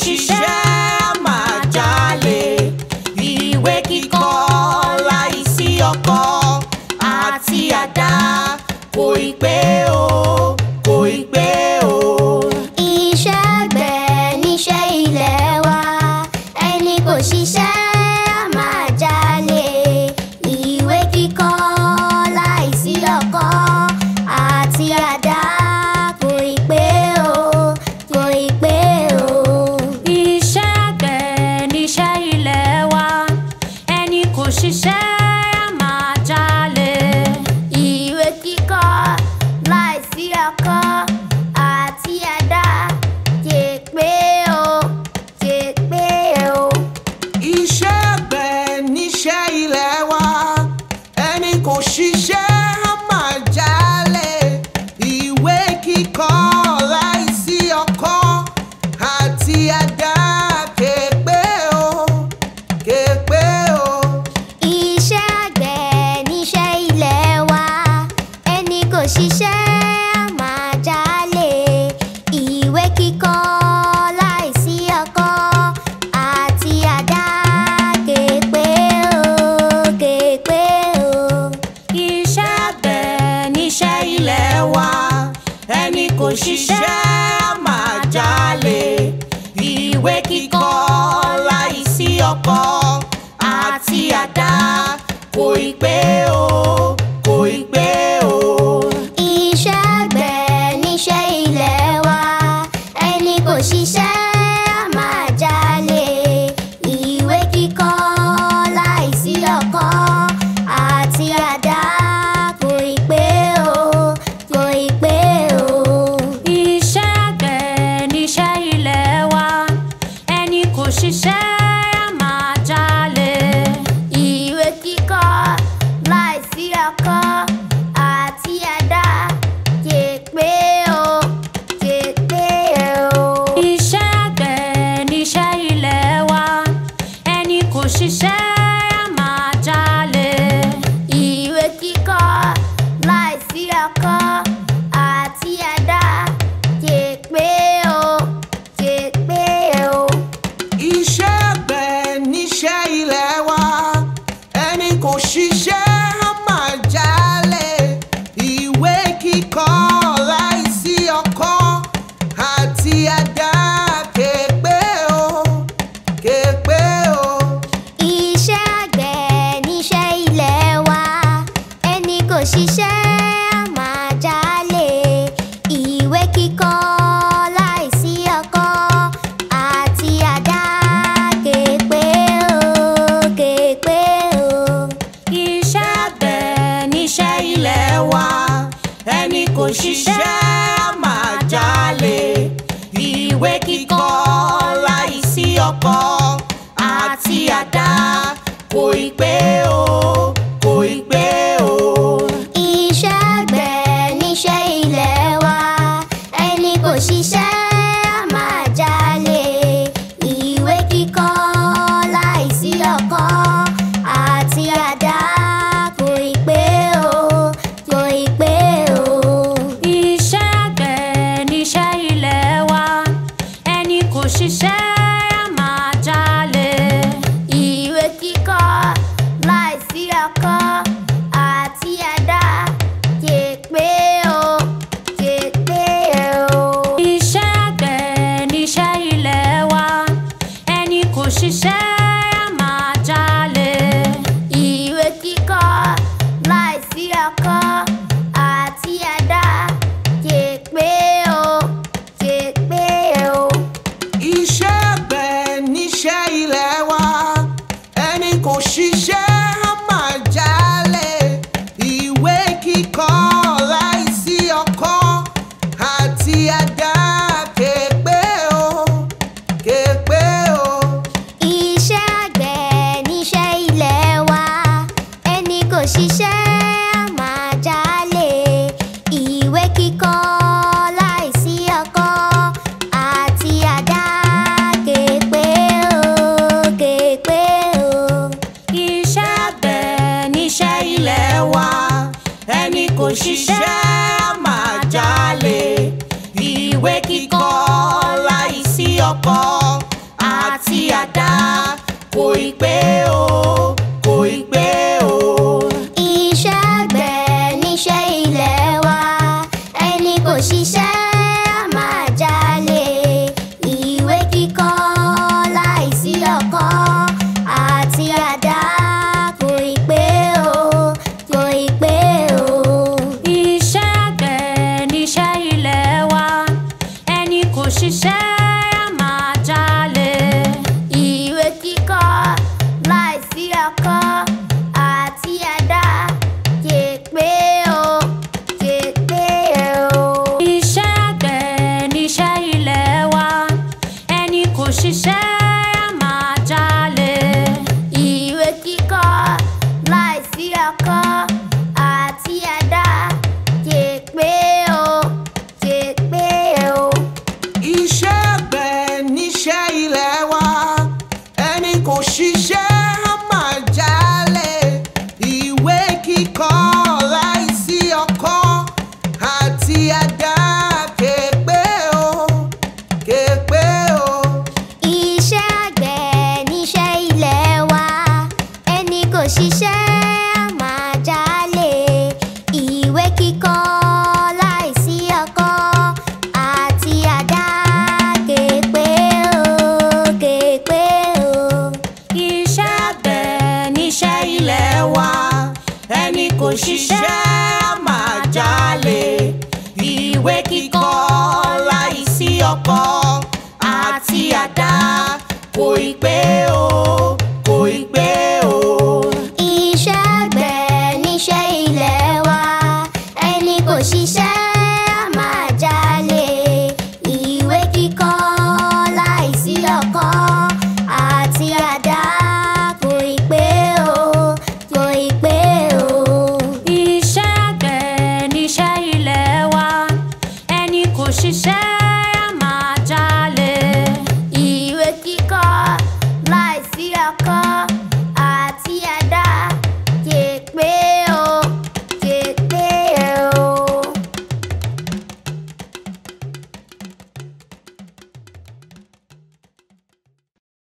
òṣìṣẹ́ máa jalè ìwé kíkọ́ láìsí ọkọ àti àdá kò ì pé o. ṣiṣẹ́ a máa jalè ìwé kíkọ láìsí ọkọ àti àdá képe o képe o. iṣẹ́ abẹ níṣẹ́ ilé wa ẹni kò ṣiṣẹ́ a máa jalè ìwé kíkọ láìsí ọkọ àti àdá kò ì pé o kò ì pé. dáadáa kò ì pé o kò ì pé o. iṣẹ́ àgbẹ̀ níṣẹ́ ilé wa ẹni kò ṣiṣẹ́ á máa jalè ìwé kíkọ́ láìsí ọkọ́ àti àdá kò ì pé o kò ì pé o. iṣẹ́ àgbẹ̀ níṣẹ́ ilé wa ẹni kò ṣiṣẹ́. foi pé, oh. she said. òṣìṣẹ́ máa jalè ìwé kíkọ láìsí ọkọ àti àdá kò ì pé.